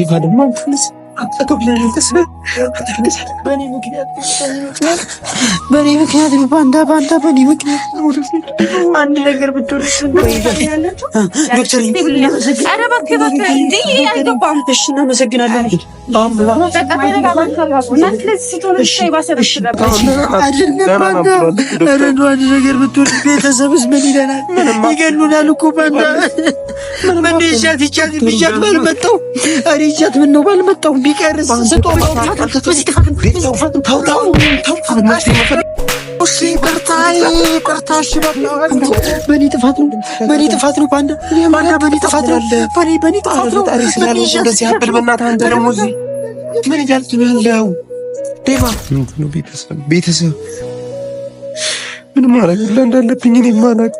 ዲቫ ደግሞ ትንሽ አጠገብ ላይ በእኔ ምክንያት በእኔ ምክንያት ባንዳ ባንዳ በእኔ ምክንያት አንድ ነገር ብትሆን ቤተሰብስ ምን ይለናል? ይገሉናል እኮ ባንዳ ባልመጣው ቢቀርስ በእኔ ጥፋት ነው። ቤተሰብ ምን ማድረግ እንዳለብኝ እኔ ማናቅ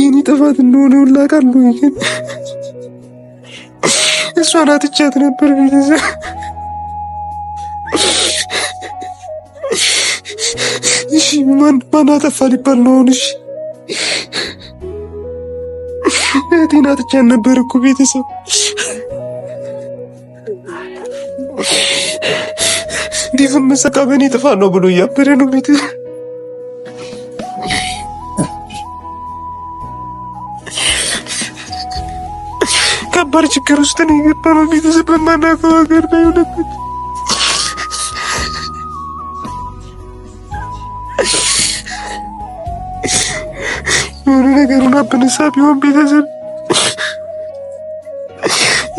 የእኔ ጥፋት እንደሆነ ሁላ ቃል ነው እሷ ናት እቻት ነበር ቤተሰብ እሺ ማን ማን አጠፋ ሊባል ነው አሁን? እሺ እህቴ ናት እቻት ነበር እኮ ቤተሰብ ዲፍም ሰቃ በእኔ ጥፋት ነው ብሎ እያበደ ነው ቤተሰብ ከባድ ችግር ውስጥ ነው የገባነው። ቤተሰብ በማናውቀው ሀገር ነው የሆነበት። የሆነ ነገሩን አበነሳ ቢሆን ቤተሰብ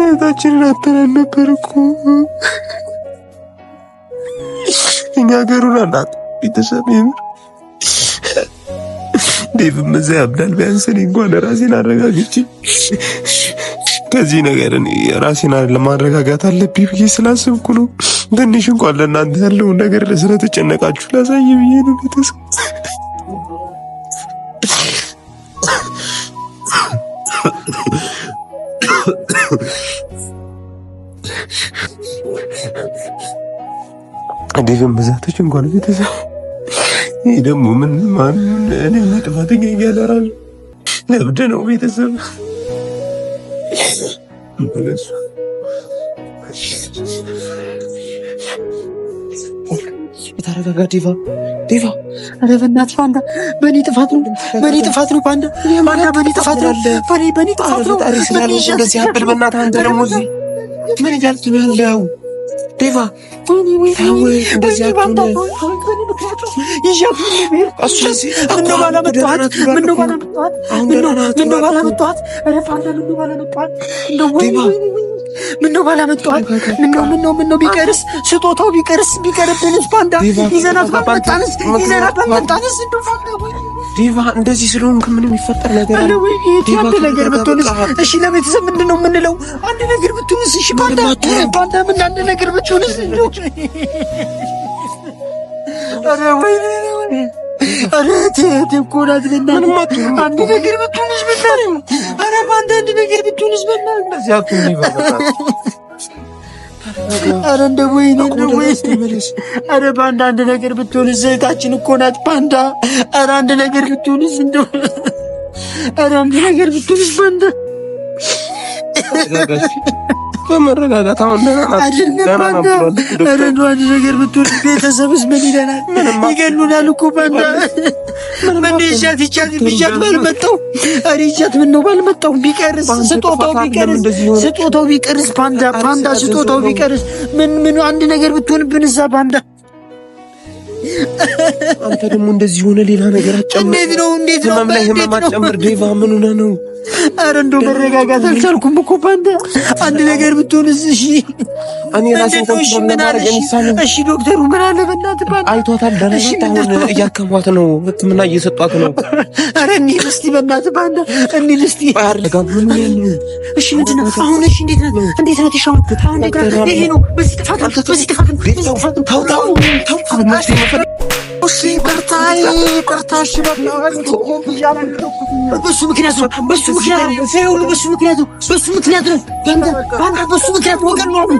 እህታችንን አተናን ነበር እኮ እኛ ሀገሩን አናት ቤተሰብ የምር ዴቭም እዛ ያብዳል። ቢያንስ እኔ እንኳን ራሴን አረጋግቼ ከዚህ ነገር እኔ ራሴን ማረጋጋት አለብኝ ብዬ ስላስብኩ ነው። ትንሽ እንኳን ለእናንተ ያለውን ነገር ስለተጨነቃችሁ ላሳይ ብዬ ነው። ቤተሰብ ዴቭን ብዛቶች እንኳን ቤተሰብ ይህ ደግሞ ምን ማን እኔ ጥፋተኛ እያለ ራሱ ለብድ ነው ቤተሰብ Por eso. ታረጋ ጋር ዲቫ ዲቫ፣ ኧረ በእናትህ ፋንታ፣ በእኔ ጥፋት ነው፣ በእኔ ጥፋት ነው ፋንታ፣ ፋንታ፣ በእኔ ጥፋት ነው፣ በእኔ ጥፋት ነው። ኧረ ስላለሽ እንደዚህ አብድ፣ በእናትህ አንተ ደግሞ እዚህ ምን እያልክ ነው ያለው ዲቫ? ተው እንደዚህ አትሆን ምነው ባላመጣኋት? ምነው ምነው ምነው ቢቀርስ ስጦታው ቢቀርስ ቢቀርብንስ? ባንዳ ይዘናት ባመጣንስ? ይዘናት ባመጣንስ? ዲቫ እንደዚህ ስለሆንክ ምንም የሚፈጠር ነገር አለ ወይ? አንድ ነገር ብትሆንስ? እሺ ለቤተሰብ ምንድን ነው የምንለው? አንድ ነገር ብትሆንስ? እሺ ባንዳ ባንዳ ምን አንድ ነገር ብትሆንስ? ኧረ በአንድ አንድ ነገር ብትሆንስ እህታችን እኮ ናት ባንዳ። ኧረ አንድ ነገር ብትሆንስ እንደው ኧረ አንድ ነገር ብትሆንስ ባንዳ በመረጋጋት አሁን ደህና ናት። ነገር ብትሆን ቤተሰብስ ምን ይለናል? ይገሉናል እኮ ይቻት ይቻት ባልመጣው ኧረ ባልመጣው ቢቀርስ ስጦታው ቢቀርስ ስጦታው ቢቀርስ ፓንዳ ፓንዳ ስጦታው ቢቀርስ ምን ምን አንድ ነገር ብትሆን እዛ ባንዳ አንተ ደግሞ እንደዚህ ሆነ ሌላ ነገር አጨምር። እንዴት ነው እንዴት ነው ህመም ላይ ህመም አጨምር። ዴቫ ምን ነው አረ እንደው መረጋጋት አልቻልኩም እኮ ባንተ አንድ ነገር ብትሆንስ? እሺ እኔ ራሴ እሺ፣ ዶክተሩ ምን አለ? በእናትህ ባንተ አይቷታል። ደረሰት። አሁን እያከሟት ነው፣ ሕክምና እየሰጧት ነው። አረ እንሂድ እስቲ፣ በእናትህ ባንተ እንሂድ እስቲ። እሺ፣ ምንድን ነው አሁን? እሺ፣ እንዴት ነው እንዴት ነው ትሻው? አሁን ይሄ ነው። በዚህ ጥፋት በዚህ ጥፋት ተው፣ ተው፣ ተው እሺ በርታ በርታ፣ እሺ በርታ። በሱ ምክንያት ነው፣ በሱ ምክንያት ነው፣ በሱ ምክንያት ነው፣ በሱ ምክንያት ነው።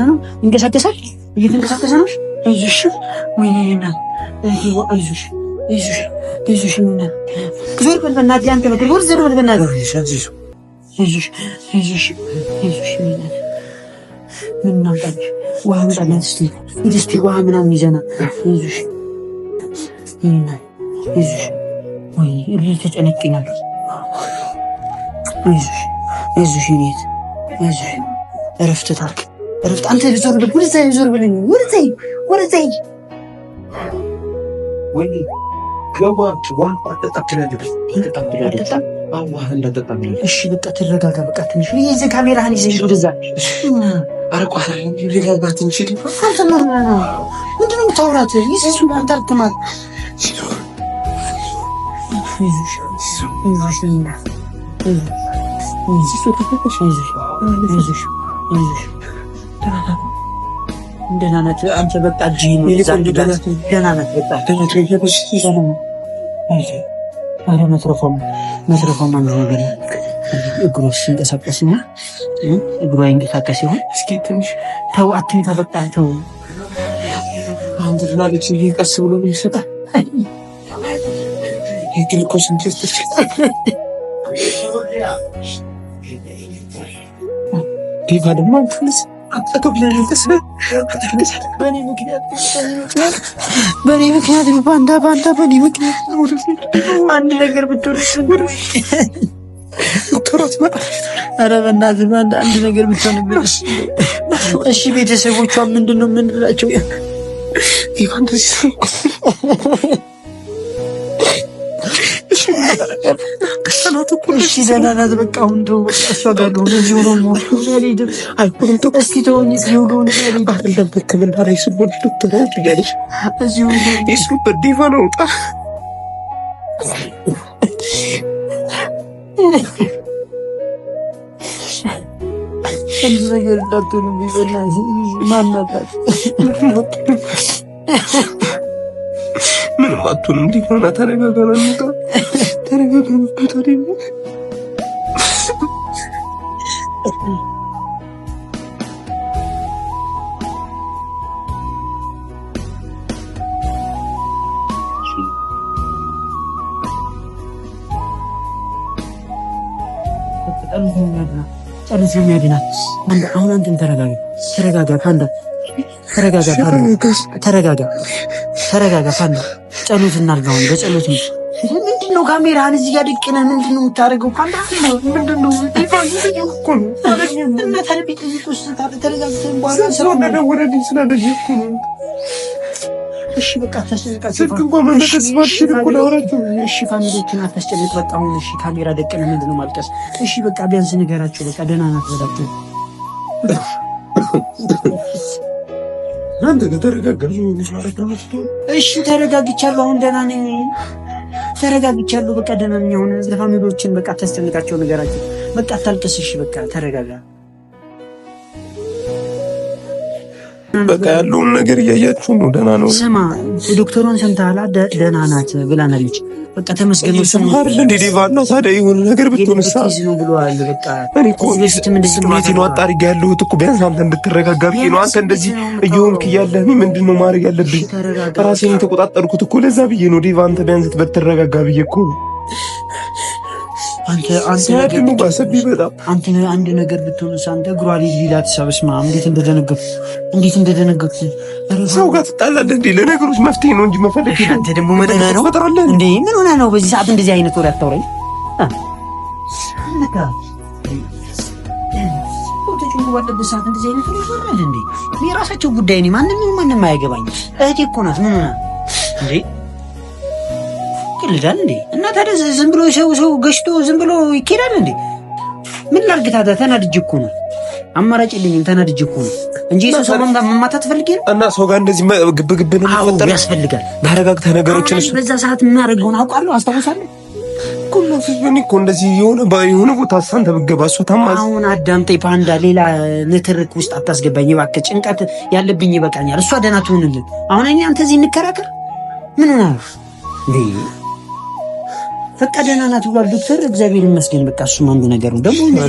ነው ይንቀሳቀሳል። እየተንቀሳቀሰ ነው። ምናምጣችሁ ውሃ ምጣላት ስ ስቲ ውሃ ምናምን ይዘና ይዙሽ ይና ይዙሽ ወይ ተጨነቅኛል። ይዙሽ ይዙሽ ይኔት ይዙሽ እረፍት ታርክ እረፍት አንተ ዞር ብል ወደዛ ዞር ብል ወደዛ ወደዛ ወይ ገባች ውሃ አጠጣ እሺ በቃ ትረጋጋ። በቃ ትንሽ ይዘ ካሜራህን ይዘ ወደዛ ደህና ናት። አንተ እግሮች ሲንቀሳቀስ ና እግሮ ይንቀሳቀስ ሲሆን እስኪ ትንሽ ተው፣ አትይታ ተፈጣ ተው። አንድ ድናለች ቀስ ብሎ ሚሰጣ የግልኮስን ቴስቶች ዲቫ ደግሞ በእኔ ምክንያት ባንዳ ባንዳ በእኔ ምክንያት አንድ ነገር ብትወርስ ሮት ኧረ በእናትህ አንድ ነገር ብትሆንብን። እሺ ቤተሰቦቿ ምንድን ነው የምንላቸው? እሺ ደህና ናት። በቃ አሁን ተው፣ እሷ ጋር ልሆን እዚሁ ነው መሆን Kendime göre doktorum bir ben yüzümü anlatar. मेरे बात तुम भी करना था mı? गगन का तेरे mı? को तेरे में I'm going to ጨርስ የሚያድናት አሁን አንተን ተረጋጋ ፓንዳ፣ ተረጋጋ ፓንዳ፣ ተረጋጋ፣ ተረጋጋ ፓንዳ። ጸሎት እናድርገው። በጸሎት ምንድን ነው ካሜራህን እዚህ ጋር ድቅነ ምንድን ነው የምታደርገው? ፓንዳ ምንድን ነው ተረጋጋ እሺ በቃ ስልክ እንኳን መመለስ ባትችል እኮ ለወራችሁ። እሺ ፋሚሊዎችን አታስጨንቅ። በጣም እሺ ካሜራ ደቀነ ምንድን ነው ማልቀስ? እሺ በቃ ቢያንስ ንገራቸው። በቃ ደህና ናት በላቸው። አንተ ከተረጋጋሽ እሺ። ተረጋግቻለሁ አሁን ደህና ነኝ። ተረጋግቻለሁ በቃ ደህና ነኝ አሁን። ለፋሚሊዎችን በቃ ታስጨንቃቸው፣ ንገራቸው። በቃ አታልቅስ። እሺ በቃ ተረጋጋ። በቃ ያለውን ነገር እያያችሁ ነው። ደህና ነው። ስማ ዶክተሩን ሰምተሃል? ደህና ናት ብላናለች። በቃ ተመስገን ነው። ስማ አይደል እንደ ታዲያ የሆነ ነገር ብትሆንስ ነው ነው አጣሪ ያለሁት እኮ ቢያንስ አንተ እንድትረጋጋ ብዬ ነው። አንተ እንደዚህ እየሆንክ እያለ እኔ ምንድን ነው ማድረግ ያለብኝ? ራሴን የተቆጣጠርኩት እኮ ለዛ ብዬ ነው ዲቫ አንተ ቢያንስ ብትረጋጋ ብዬ እኮ አንተ አንድ ነገር ብትሆንስ አንተ እግሯ ሊላ ሌላ ማ እንዴት እንደደነገጥኩ እንዴት እንደደነገጥኩ ሰው ጋር ትጣላለህ እንዴ? ለነገሮች መፍትሄ ነው እንጂ መፈለግ አንተ ደግሞ መደና ነው እንዴ? ምን ሆነህ ነው በዚህ ሰዓት እንደዚህ አይነት ወሬ አታውራኝ። ባለበት ሰዓት እንደዚህ አይነት ወሬ ይወራል እንዴ? የራሳቸው ጉዳይ ነው። ማንንም ማንንም አያገባኝ። እህቴ እኮ ናት። ምን ሆና እንዴ ይቀልዳል እንዴ? እና ታዲያ ዝም ብሎ ሰው ሰው ገሽቶ ዝም ብሎ ይኬዳል እንዴ? ምን ላድርግ ታዲያ? ተናድጄ እኮ ነው። አማራጭ የለኝም። ተናድጄ እኮ ነው እንጂ ሰው ሰው መማታት ፈልጌ ነው። እና ሰው ጋር እንደዚህ ግብ ግብ ነው የሚፈጠረው። ያስፈልጋል። ተረጋግተህ ነገሮችን እሱ በዛ ሰዓት የምናደርገውን አውቃለሁ፣ አስታውሳለሁ እኮ እኮ እንደዚህ የሆነ የሆነ ቦታ ሳንተ ብገባ እሷ ታማዝ። አሁን አዳምጠኝ ፓንዳ፣ ሌላ ንትርክ ውስጥ አታስገባኝ እባክህ። ጭንቀት ያለብኝ ይበቃኛል። እሷ ደህና ትሆንልን። አሁን እኛ አንተ እዚህ እንከራከር ምን ሆነ ፈቃ ደህና ናት ብሏል ዶክተር። እግዚአብሔር ይመስገን። በቃ እሱም አንዱ ነገር ነው። ደግሞ በቃ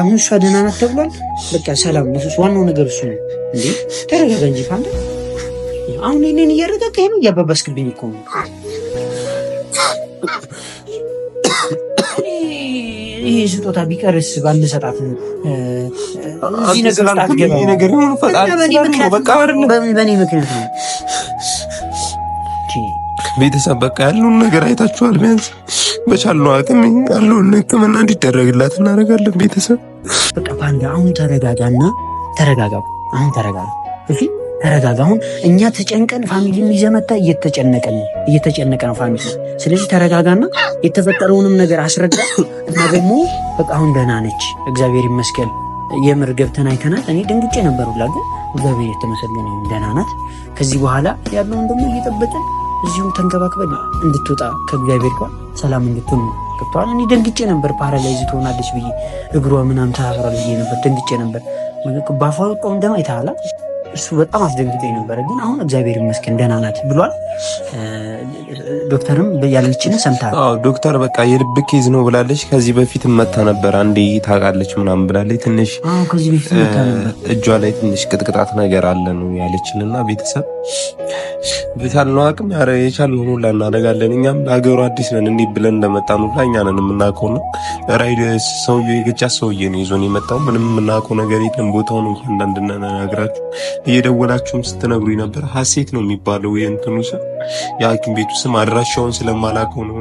አሁን እሷ ደህና ናት ተብሏል። በቃ ሰላም ነው። ዋናው ነገር እሱ ነው። እንዴ ተረጋጋ እንጂ ካንተ አሁን እኔን እያረጋጋኸኝ ነው፣ እያባባስክብኝ እኮ ነው። ይሄ ስጦታ ቢቀርስ ባንድ ሰጣት ነገር በእኔ ምክንያት ነው ቤተሰብ በቃ ያለውን ነገር አይታችኋል። ቢያንስ በቻልነው አቅም ያለውን ሕክምና እንዲደረግላት እናደርጋለን። ቤተሰብ በቃ ፓንዳ አሁን ተረጋጋና፣ ተረጋጋ። አሁን ተረጋጋ። እሺ ተረጋጋ። አሁን እኛ ተጨንቀን ፋሚሊም ይዘመታ እየተጨነቀ ነው እየተጨነቀ ነው ፋሚሊ። ስለዚህ ተረጋጋና የተፈጠረውንም ነገር አስረዳ እና ደግሞ በቃ አሁን ደህና ነች፣ እግዚአብሔር ይመስገን። የምር ገብተን አይተናል። እኔ ደንግጬ ነበር ሁላ፣ ግን እግዚአብሔር የተመሰገነ ደህና ናት። ከዚህ በኋላ ያለውን ደግሞ እየጠበቅን እዚሁም ተንከባክበን እንድትወጣ ከእግዚአብሔር ጋር ሰላም እንድትሆን ገብተዋል። እኔ ደንግጬ ነበር፣ ፓራላይዝ ትሆናለች ብዬ እግሯ ምናምን ተሳፍራ ብዬ ነበር ደንግጬ ነበር። ባፏ ወጣውን ደም አይተሃል። እሱ በጣም አስደንግጦኝ ነበረ። ግን አሁን እግዚአብሔር ይመስገን ደህና ናት ብሏል። ዶክተርም ያለችን ሰምታል። ዶክተር በቃ የልብ ኬዝ ነው ብላለች። ከዚህ በፊት መታ ነበር አንዴ ታውቃለች ምናምን ብላለች። ትንሽ እጇ ላይ ትንሽ ቅጥቅጣት ነገር አለ ነው ያለችን እና ቤተሰብ በቻልነው አቅም ያረ የቻልነውን ሁላ እናደርጋለን። እኛም ለሀገሩ አዲስ ነን፣ እንዲህ ብለን እንደመጣን ሁላ እኛ ነን የምናውቀው። ነው ራይድ ሰውዬ የገጫ ሰውዬ ነው ይዞን የመጣው። ምንም የምናውቀው ነገር የለም። ቦታውን እንኳን እንዳንድናናግራችሁ እየደወላችሁም ስትነግሩ ነበር። ሀሴት ነው የሚባለው የእንትኑ ስም፣ የሐኪም ቤቱ ስም። አድራሻውን ስለማላውቀው ነው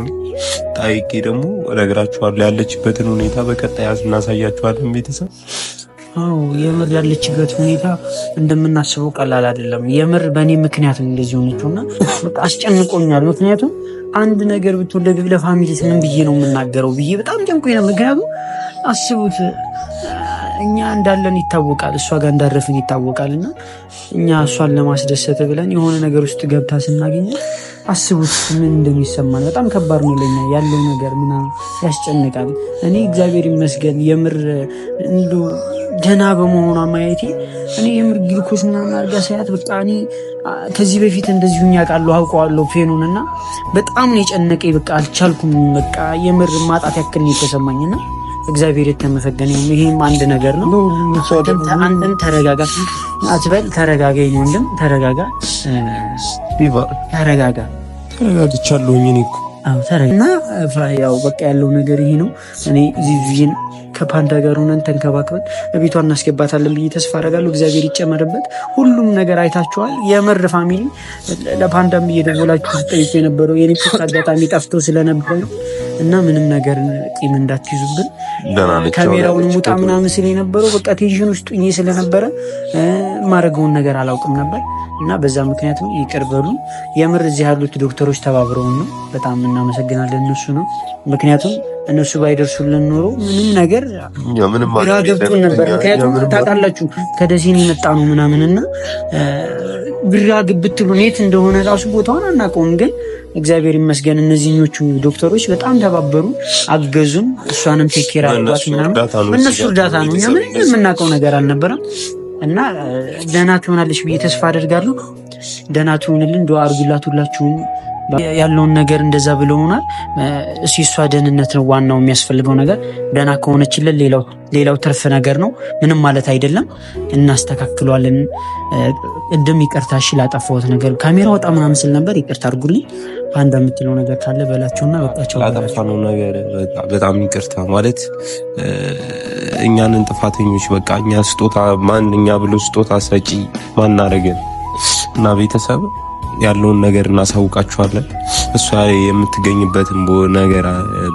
ጠይቄ ደግሞ እነግራችኋለሁ። ያለችበትን ሁኔታ በቀጣይ እናሳያችኋለን ቤተሰብ አዎ የምር ያለችበት ሁኔታ እንደምናስበው ቀላል አይደለም። የምር በእኔ ምክንያት እንደዚህ ሆነችው እና አስጨንቆኛል። ምክንያቱም አንድ ነገር ብትወለድ ለፋሚሊ ምን ብዬ ነው የምናገረው ብዬ በጣም ጨንቆኝ ምክንያቱም አስቡት እኛ እንዳለን ይታወቃል፣ እሷ ጋር እንዳረፍን ይታወቃል። እና እኛ እሷን ለማስደሰት ብለን የሆነ ነገር ውስጥ ገብታ ስናገኘ አስቡት ምን እንደሚሰማን በጣም ከባድ ነው ለኛ ያለው ነገር ምናምን ያስጨንቃል። እኔ እግዚአብሔር ይመስገን የምር እንዱ ደህና በመሆኗ ማየቴ እኔ የምር ግልኮስ ምናምን አድርጋ ሳያት በቃ እኔ ከዚህ በፊት እንደዚሁ ያውቃለሁ አውቀዋለሁ ፌኑን እና በጣም ነው የጨነቀኝ። በቃ አልቻልኩም። በቃ የምር ማጣት ያክል ነው የተሰማኝ የተሰማኝና እግዚአብሔር የተመሰገነ ይሁን። ይሄም አንድ ነገር ነው። አንተም ተረጋጋ አትበል፣ ተረጋጋ ነው ወንድም ተረጋጋ፣ ተረጋጋ። ተረጋግቻለሁኝ እኔ እኮ እና ያው በቃ ያለው ነገር ይሄ ነው። እኔ ዚቪን ከፓንዳ ጋር ሆነን ተንከባክበን እቤቷ እናስገባታለን ብዬ ተስፋ አደርጋለሁ። እግዚአብሔር ይጨመርበት። ሁሉም ነገር አይታችኋል። የምር ፋሚሊ ለፓንዳም እየደወላችሁ ስጠይቁ የነበረው የኔ አጋጣሚ ጠፍቶ ስለነበረ እና ምንም ነገር ቂም እንዳትይዙብን። ካሜራውን ሙጣ ምናምን ስል የነበረው በቃ ቴንሽን ውስጥ ሆኜ ስለነበረ ማድረገውን ነገር አላውቅም ነበር እና በዛ ምክንያትም ይቅር በሉ። የምር እዚህ ያሉት ዶክተሮች ተባብረውን ነው፣ በጣም እናመሰግናለን እነሱ ነው። ምክንያቱም እነሱ ባይደርሱልን ኖሮ ምንም ነገር ግራ ገብቶን ነበር። ምክንያቱም ታውቃላችሁ ከደሴን የመጣ ነው ምናምን እና ግራግ ብትሉ ኔት እንደሆነ ራሱ ቦታውን አናውቀውም። ግን እግዚአብሔር ይመስገን እነዚህኞቹ ዶክተሮች በጣም ተባበሩ፣ አገዙን። እሷንም ቴኬር እነሱ እርዳታ ነው። እኛ ምን የምናውቀው ነገር አልነበረም። እና ደህና ትሆናለች ብዬ ተስፋ አደርጋለሁ። ደህና ትሆንልን። ዶ አርጉላት ሁላችሁም ያለውን ነገር እንደዛ ብሎ ሆናል። የእሷ ደህንነት ነው ዋናው የሚያስፈልገው ነገር። ደህና ከሆነችልን ሌላው ትርፍ ነገር ነው፣ ምንም ማለት አይደለም። እናስተካክሏለን። ቅድም ይቅርታ እሺ ላጠፋሁት ነገር ካሜራ ወጣ ምናምን ስል ነበር። ይቅርታ አድርጉልኝ። አንድ የምትለው ነገር ካለ በላቸውና በቃቸው። ላጠፋነው ነገር በጣም ይቅርታ ማለት እኛንን ጥፋተኞች በቃ እኛ ስጦታ ማን እኛ ብሎ ስጦታ ሰጪ ማናረገን እና ቤተሰብ ያለውን ነገር እናሳውቃችኋለን። እሷ የምትገኝበትን ነገር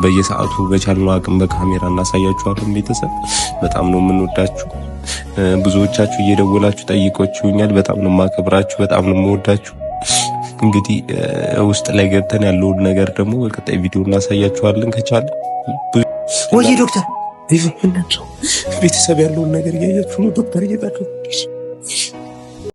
በየሰዓቱ በቻልነው አቅም በካሜራ እናሳያችኋለን። ቤተሰብ በጣም ነው የምንወዳችሁ። ብዙዎቻችሁ እየደወላችሁ ጠይቆችሁኛል። በጣም ነው የማከብራችሁ፣ በጣም ነው የምወዳችሁ። እንግዲህ ውስጥ ላይ ገብተን ያለውን ነገር ደግሞ በቀጣይ ቪዲዮ እናሳያችኋለን። ከቻለ ወይ ዶክተር ቤተሰብ ያለውን ነገር እያያችሁ ነው ዶክተር እየጠቀሙ